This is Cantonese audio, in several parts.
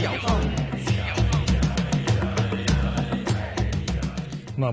咁啊、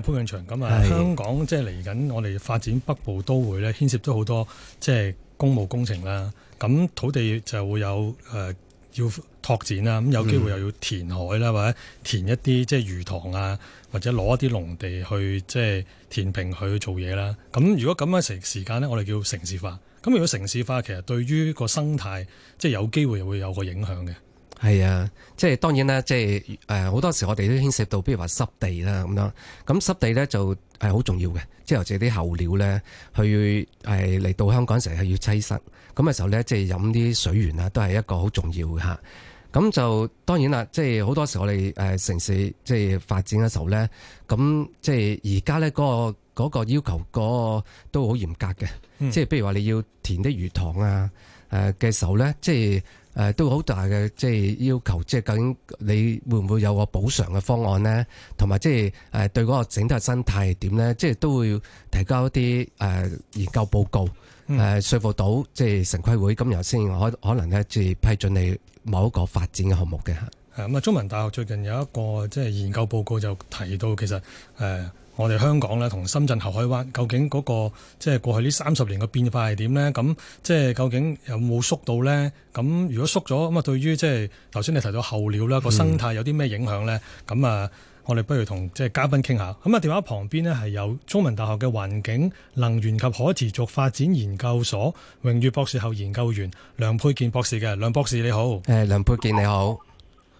嗯，潘永祥咁啊，香港即係嚟緊，我哋發展北部都會咧，牽涉咗好多即係公務工程啦。咁土地就會有誒、呃、要拓展啦，咁有機會又要填海啦，或者填一啲即係魚塘啊，或者攞一啲農地去即係填平去做嘢啦。咁如果咁嘅時時間呢，我哋叫城市化。咁如果城市化，其實對於個生態即係有機會又會有個影響嘅。係啊，即係當然啦，即係誒好多時我哋都牽涉到，比如話濕地啦咁咯。咁濕地咧就係、是、好重要嘅，即係由啲候鳥咧去係嚟到香港嗰陣時係要棲身。咁嘅時候咧、呃，即係飲啲水源啊，都係一個好重要嘅嚇。咁就當然啦，即係好多時我哋誒城市即係發展嘅時候咧，咁即係而家咧嗰個。嗰個要求，嗰個都好嚴格嘅，即係譬如話你要填啲魚塘啊，誒嘅時候咧，即係誒都好大嘅，即係要求，即係究竟你會唔會有個補償嘅方案咧？同埋即係誒對嗰個整體生態係點咧？即係都會提交一啲誒研究報告誒，説服到即係城規會今日先可可能咧至批准你某一個發展嘅項目嘅。中文大學最近有一個即係研究報告就提到，其實誒我哋香港咧同深圳後海灣，究竟嗰個即係過去呢三十年嘅變化係點呢？咁即係究竟有冇縮到呢？咁如果縮咗咁啊，對於即係頭先你提到候鳥啦，個生態有啲咩影響呢？咁啊，我哋不如同即係嘉賓傾下。咁啊，電話旁邊呢，係有中文大學嘅環境能源及可持續發展研究所榮譽博士後研究員梁沛健博士嘅，梁博士你好。誒，梁沛健你好。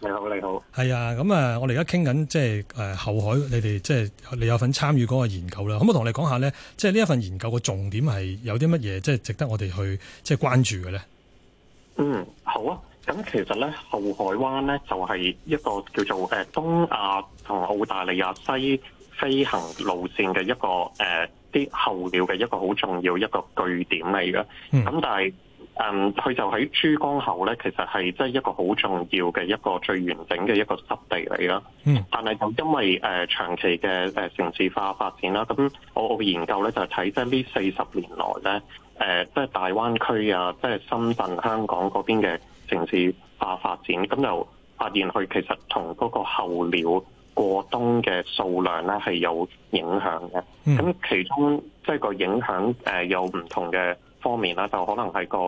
你好，你好，係啊，咁啊，我哋而家傾緊即係誒後海，你哋即係你有份參與嗰個研究啦。咁我同你講下咧，即係呢一份研究嘅重點係有啲乜嘢，即係值得我哋去即係關注嘅咧？嗯，好啊，咁其實咧後海灣咧就係一個叫做誒東亞同澳大利亞西飛行路線嘅一個誒啲候鳥嘅一個好重要一個據點嚟㗎，咁、嗯、但係。嗯，佢就喺珠江口咧，其實係即係一個好重要嘅一個最完整嘅一個濕地嚟啦。嗯，但係就因為誒、呃、長期嘅誒城市化發展啦，咁我我研究咧就睇即係呢四十年來咧，誒即係大灣區啊，即係深圳、香港嗰邊嘅城市化發展，咁、就是呃啊、就發現佢其實同嗰個候鳥過冬嘅數量咧係有影響嘅。咁、嗯、其中即係個影響誒有唔同嘅方面啦，就可能係個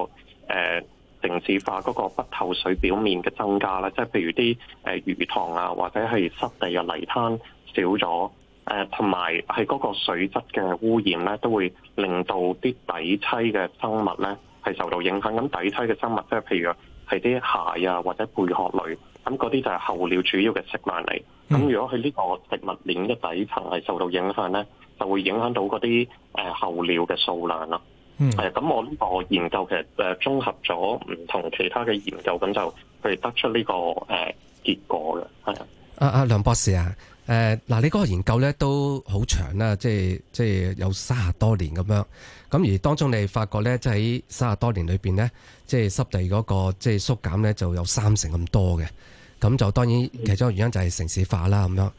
誒城市化嗰個不透水表面嘅增加啦，即係譬如啲誒魚塘啊，或者係濕地嘅泥灘少咗誒，同埋係嗰個水質嘅污染咧，都會令到啲底棲嘅生物咧係受到影響。咁底棲嘅生物即係譬如係啲蟹啊，或者貝殼類咁嗰啲就係候鳥主要嘅食物嚟。咁如果佢呢個食物鏈嘅底層係受到影響咧，就會影響到嗰啲誒候鳥嘅數量啦。嗯，係咁，我呢個研究其實誒綜合咗唔同其他嘅研究，咁就去得出呢個誒結果嘅。係啊，阿、啊、梁博士啊，誒、呃、嗱，你嗰個研究咧都好長啦，即係即係有三十多年咁樣。咁而當中你發覺咧，即喺三十多年裏邊咧，即係濕地嗰個即係縮減咧就有三成咁多嘅。咁就當然其中個原因就係城市化啦咁樣。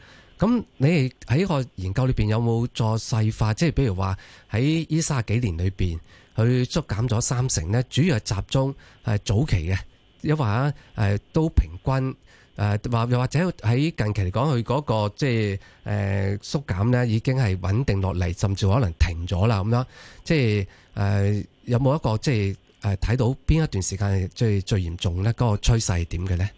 咁你喺個研究裏邊有冇再細化？即係比如話喺呢三十幾年裏邊，佢縮減咗三成呢，主要係集中係早期嘅，因為啊，誒、呃、都平均誒、呃，或又或者喺近期嚟講，佢嗰、嗰個即係誒縮減咧，已經係穩定落嚟，甚至可能停咗啦咁樣。即係誒、呃，有冇一個即係誒睇到邊一段時間係最最嚴重咧？嗰、嗰個趨勢係點嘅咧？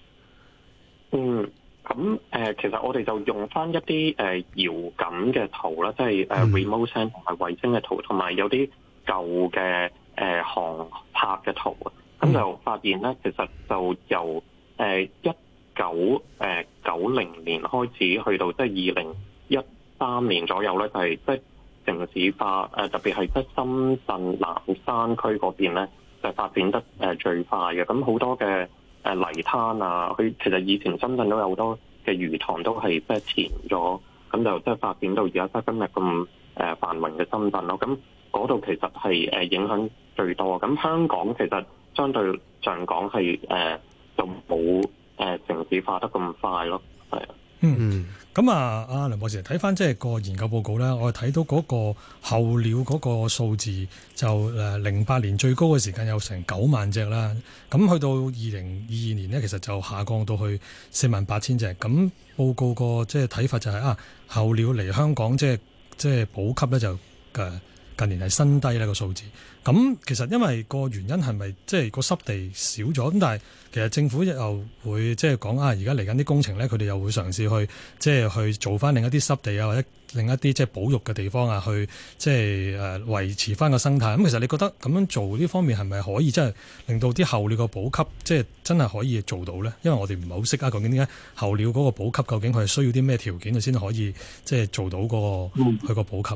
嗯。咁誒，其實我哋就用翻一啲誒遙感嘅圖啦，即係誒 remote sensing 同埋衛星嘅圖，同埋有啲舊嘅誒航拍嘅圖啊。咁就發現咧，其實就由誒一九誒九零年開始，去到即係二零一三年左右咧，就係即係城市化誒，特別係即深圳南山區嗰邊咧，就發展得誒最快嘅。咁好多嘅。誒泥灘啊，佢其實以前深圳都有好多嘅魚塘都係即係填咗，咁就即係發展到而家即係今日咁誒繁榮嘅深圳咯。咁嗰度其實係誒影響最多。咁香港其實相對上講係誒就冇誒城市化得咁快咯，係。嗯，咁、嗯、啊，阿梁博士睇翻即係個研究報告啦。我睇到嗰個候鳥嗰個數字就誒零八年最高嘅時間有成九萬隻啦，咁去到二零二二年呢，其實就下降到去四萬八千隻。咁報告個即係睇法就係、是、啊，候鳥嚟香港即係即係補給咧就誒。近年係新低呢個數字，咁其實因為個原因係咪即係個濕地少咗？咁但係其實政府又會即係講啊，而家嚟緊啲工程咧，佢哋又會嘗試去即係、就是、去做翻另一啲濕地啊，或者另一啲即係保育嘅地方啊，去即係誒維持翻個生態。咁其實你覺得咁樣做呢方面係咪可以即係、就是、令到啲候鳥個補給即係、就是、真係可以做到咧？因為我哋唔係好識啊。究竟點解候鳥嗰個補給究竟佢係需要啲咩條件佢先可以即係做到嗰個佢個補給？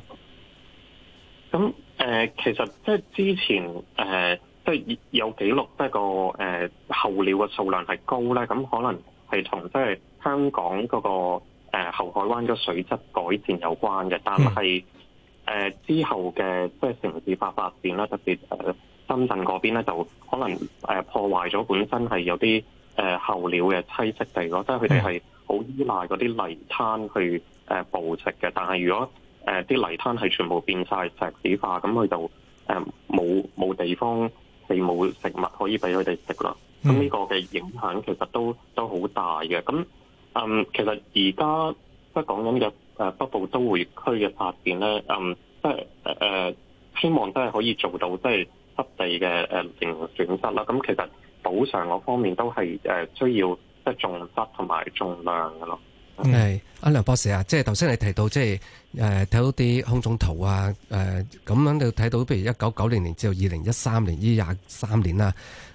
咁誒、呃，其實即係之前誒，即、呃、係、就是、有記錄呢個誒、呃、候鳥嘅數量係高咧，咁可能係同即係香港嗰、那個誒後、呃、海灣嘅水質改善有關嘅，但係誒、呃、之後嘅即係城市化發展啦，特別誒深圳嗰邊咧，就可能誒破壞咗本身係有啲誒、呃、候鳥嘅棲息地咯，即係佢哋係好依賴嗰啲泥灘去誒捕食嘅，但係如果誒啲、呃、泥灘係全部變晒石屎化，咁佢就誒冇冇地方係冇食物可以俾佢哋食啦。咁呢、嗯、個嘅影響其實都都好大嘅。咁嗯、呃，其實而家即係講緊嘅誒北部都會區嘅發展咧，嗯、呃，即係誒希望都係可以做到即係濕地嘅誒零損失啦。咁、呃呃、其實補償嗰方面都係誒、呃、需要即係重質同埋重量嘅咯。係阿、嗯、梁博士啊，即係頭先你提到，即係誒睇到啲空中圖啊，誒咁樣你睇到，譬如一九九零年至二零一三年呢廿三年啦，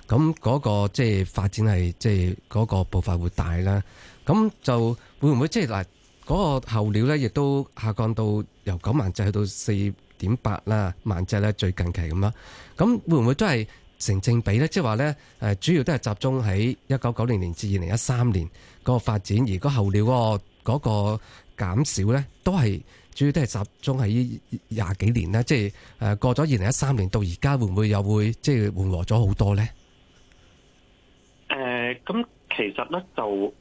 咁嗰、嗰個即係發展係即係嗰、嗰個步伐會大啦。咁就會唔會即係嗱嗰個候鳥咧，亦都下降到由九萬隻去到四點八啦萬隻咧，只最近期咁啦。咁會唔會都係成正比咧？即係話咧，誒、呃、主要都係集中喺一九九零年至二零一三年。個發展，而個候鳥嗰、那個嗰、那個、減少咧，都係主要都係集中喺廿幾年咧，即係誒過咗二零一三年到而家，會唔會又會即係緩和咗好多咧？誒、呃，咁其實咧就唔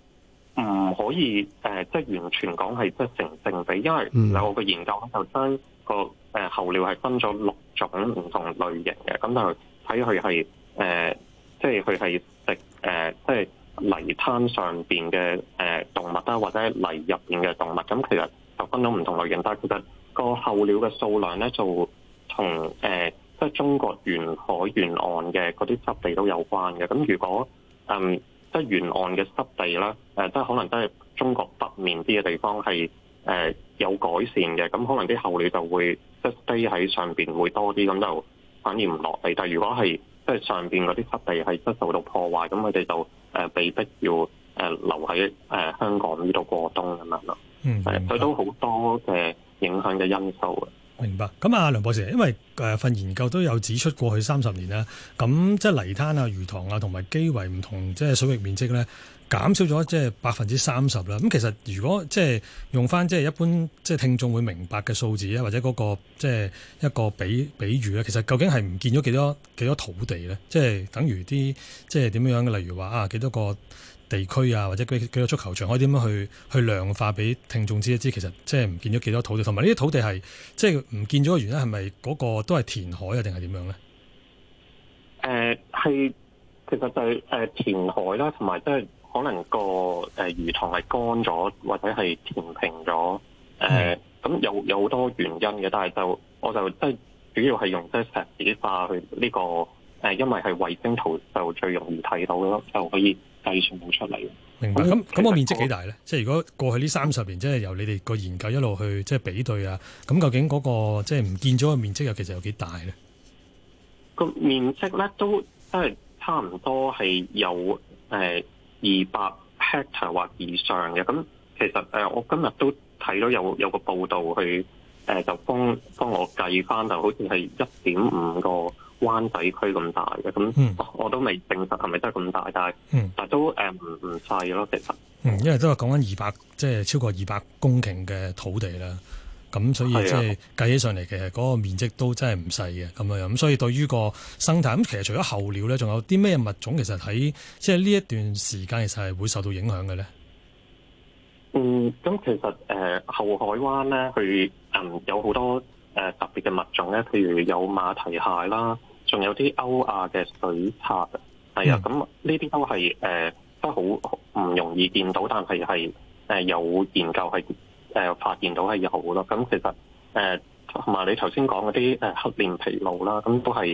可以誒、呃，即係完全講係即係成正比，因為，嗯、因為我個研究喺頭先個誒候、呃、鳥係分咗六種唔同類型嘅，咁就睇佢係誒，即係佢係食誒、呃，即係。泥灘上邊嘅誒動物啦，或者泥入邊嘅動物，咁其實就分咗唔同類型。但係其實個候鳥嘅數量咧、呃，就同誒即係中國沿海沿岸嘅嗰啲濕地都有關嘅。咁如果嗯即係沿岸嘅濕地啦，誒即係可能都係中國北面啲嘅地方係誒、呃、有改善嘅，咁可能啲候鳥就會即係堆喺上邊會多啲，咁就反而唔落嚟。但係如果係即係上邊嗰啲濕地係即係受到破壞，咁佢哋就誒被迫要誒留喺誒香港呢度過冬咁樣咯，誒佢、嗯、都好多嘅影響嘅因素。明白，咁、嗯、啊，梁博士，因為誒、呃、份研究都有指出過去三十年咧，咁、嗯、即係泥灘啊、魚塘啊同埋基圍唔同，即係水域面積咧減少咗即係百分之三十啦。咁、嗯、其實如果即係用翻即係一般即係聽眾會明白嘅數字啊，或者嗰、那個即係一個比比喻咧，其實究竟係唔見咗幾多幾多土地咧？即係等於啲即係點樣樣嘅，例如話啊幾多個地區啊，或者幾幾多足球場，可以點樣去去量化俾聽眾知一知？其實即係唔見咗幾多土地，同埋呢啲土地係即係唔見咗嘅原因係咪嗰個都係填海啊，定係點樣咧？誒係、呃、其實就係、是、誒、呃、填海啦，同埋即係可能個誒魚塘係乾咗，或者係填平咗誒。咁、嗯呃、有有好多原因嘅，但係就我就即係主要係用即係石字化去呢、這個誒、呃，因為係衛星圖就最容易睇到嘅咯，就可以。係全部出嚟，明白？咁咁、那個我面積幾大咧？即係如果過去呢三十年，即係由你哋個研究一路去即係比對啊，咁究竟嗰、那個即係唔見咗嘅面積又其實有幾大咧？個面積咧都即係差唔多係有誒二百 hectare 或以上嘅。咁其實誒、呃，我今日都睇到有有個報道去誒、呃，就幫幫我計翻就好似係一點五個。灣仔區咁大嘅，咁我都未證實係咪真係咁大，但係但都誒唔唔細咯，嗯、其實，嗯，因為都係講緊二百，即係超過二百公頃嘅土地啦，咁所以、啊、即係計起上嚟，其實嗰個面積都真係唔細嘅咁樣，咁所以對於個生態，咁其實除咗候鳥咧，仲有啲咩物種其實喺即係呢一段時間，其實係會受到影響嘅咧。嗯，咁其實誒、呃、後海灣咧，佢有好多誒、呃、特別嘅物種咧，譬如有馬蹄蟹啦。仲有啲歐亞嘅水鴨啊，啊，咁呢啲都係誒都好唔容易見到，但係係誒有研究係誒、呃、發現到係有。咯。咁其實誒同埋你頭先講嗰啲誒黑臉琵鷺啦，咁都係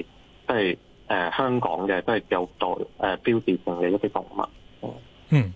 即係誒香港嘅都係有代誒標誌性嘅一啲動物。嗯，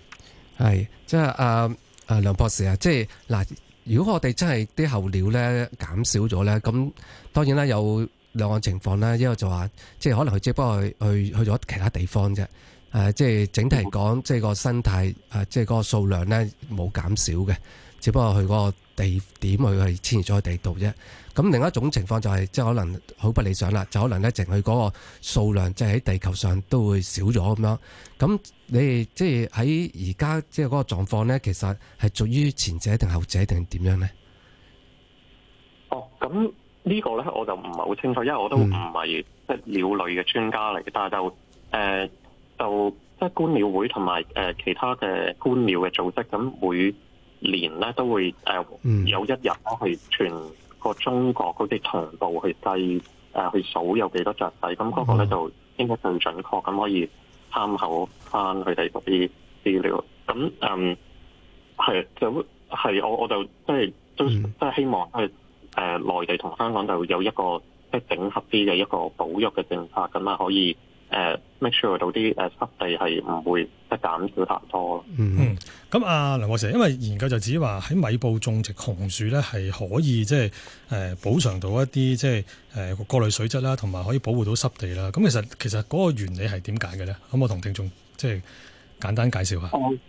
係、嗯，即係阿阿梁博士啊，即係嗱、呃，如果我哋真係啲候鳥咧減少咗咧，咁當然啦有。兩個情況呢，一個就話，即係可能佢只不過去去去咗其他地方啫。誒，即係整體嚟講，即係個生態誒，即係嗰個數量呢冇減少嘅，只不過佢嗰個地點佢係遷移咗去地度啫。咁另一種情況就係，即係可能好不理想啦，就可能呢，淨係嗰個數量即係喺地球上都會少咗咁樣。咁你即係喺而家即係嗰個狀況呢，其實係屬於前者定後者定點樣呢？哦，咁。呢個咧我就唔係好清楚，因為我都唔係即鳥類嘅專家嚟嘅，嗯、但係就誒、呃、就即觀鳥會同埋誒其他嘅觀鳥嘅組織，咁每年咧都會誒、呃嗯、有一日咧去全個中國嗰啲同步去計誒、呃、去數有幾多雀仔，咁、那、嗰個咧、嗯、就應該更準確，咁可以參考翻佢哋嗰啲資料。咁嗯係就係我我就即都即，即，即，即希望係。誒，內、uh, 地同香港就有一個即係整合啲嘅一個保育嘅政策，咁啊可以誒、uh, make sure 到啲誒、uh, 濕地係唔會即係減少太多咯。嗯，咁、嗯、啊、嗯嗯、梁博士，因為研究就指話喺米埔種植紅樹咧，係可以即係誒補償到一啲即係誒過濾水質啦，同埋可以保護到濕地啦。咁其實其實嗰個原理係點解嘅咧？咁我同聽眾即係簡單介紹下？嗯嗯嗯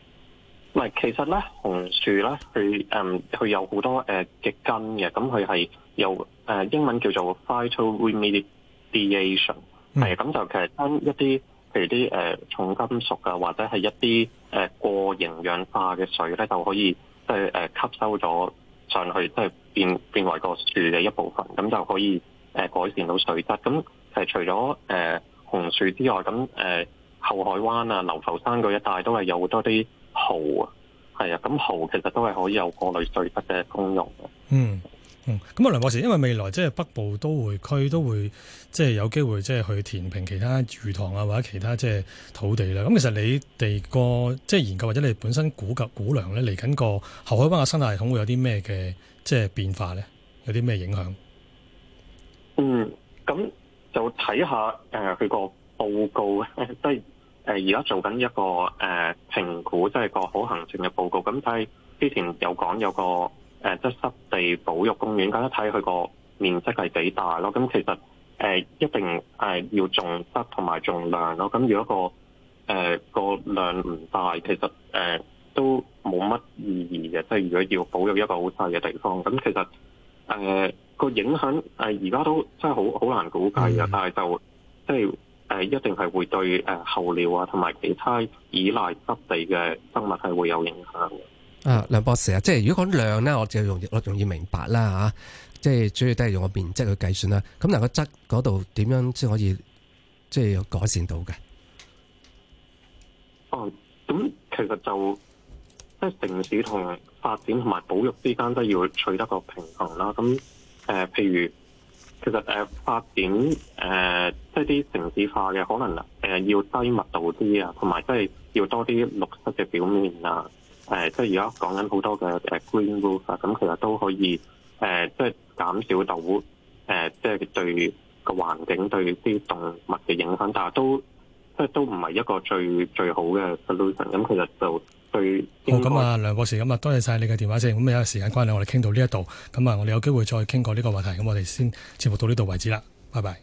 唔其實咧紅樹咧，佢誒佢有好多誒嘅、呃、根嘅，咁佢係有誒、呃、英文叫做 phytoremediation，係咁、mm hmm. 就其實將一啲譬如啲誒、呃、重金屬啊，或者係一啲誒、呃、過營養化嘅水咧，就可以即係誒吸收咗上去，即、就、係、是、變變為個樹嘅一部分，咁就可以誒改善到水質。咁係除咗誒、呃、紅樹之外，咁、呃、誒後海灣啊、流浮山嗰一帶都係有好多啲。蠔啊，係啊，咁蠔其實都係可以有過濾水質嘅功用嘅、嗯。嗯嗯，咁啊梁博士，因為未來即係北部都會區都會即係有機會即係去填平其他魚塘啊，或者其他即係土地啦。咁、嗯、其實你哋個即係研究或者你哋本身估及估量咧，嚟緊個後海灣嘅生態系統會有啲咩嘅即係變化咧？有啲咩影響？嗯，咁就睇下誒，佢、呃、個報告咧都係。 誒而家做緊一個誒評估，即係個可行性嘅報告。咁但係之前有講有個即係濕地保育公園，咁睇佢個面積係幾大咯？咁其實誒一定誒要重質同埋重量咯。咁如果個誒個量唔大，其實誒都冇乜意義嘅。即係如果要保育一個好細嘅地方，咁其實誒個影響誒而家都真係好好難估計嘅。Mm hmm. 但係就即係。就係誒，一定係會對誒候鳥啊，同埋其他依賴濕地嘅生物係會有影響啊，梁博士啊，即係如果講量咧，我就容易我容易明白啦，吓、啊，即係主要都係用面積個面積去計算啦。咁嗱，個質嗰度點樣先可以即係有改善到嘅？哦、啊，咁其實就即係城市同發展同埋保育之間都要取得個平衡啦。咁誒、呃，譬如。其實誒發展誒即係啲城市化嘅可能誒要低密度啲啊，同埋即係要多啲綠色嘅表面啊。誒即係而家講緊好多嘅誒 green roof 啊，咁其實都可以誒即係減少到誒即係對個環境對啲動物嘅影響，但係都即係、即係、都唔係一個最最好嘅 solution，啊。咁其實就。好，咁、嗯、啊，梁博士，咁啊，多謝晒你嘅電話先，咁啊，時間關係，我哋傾到呢一度，咁啊，我哋有機會再傾過呢個話題，咁我哋先節目到呢度為止啦，拜拜。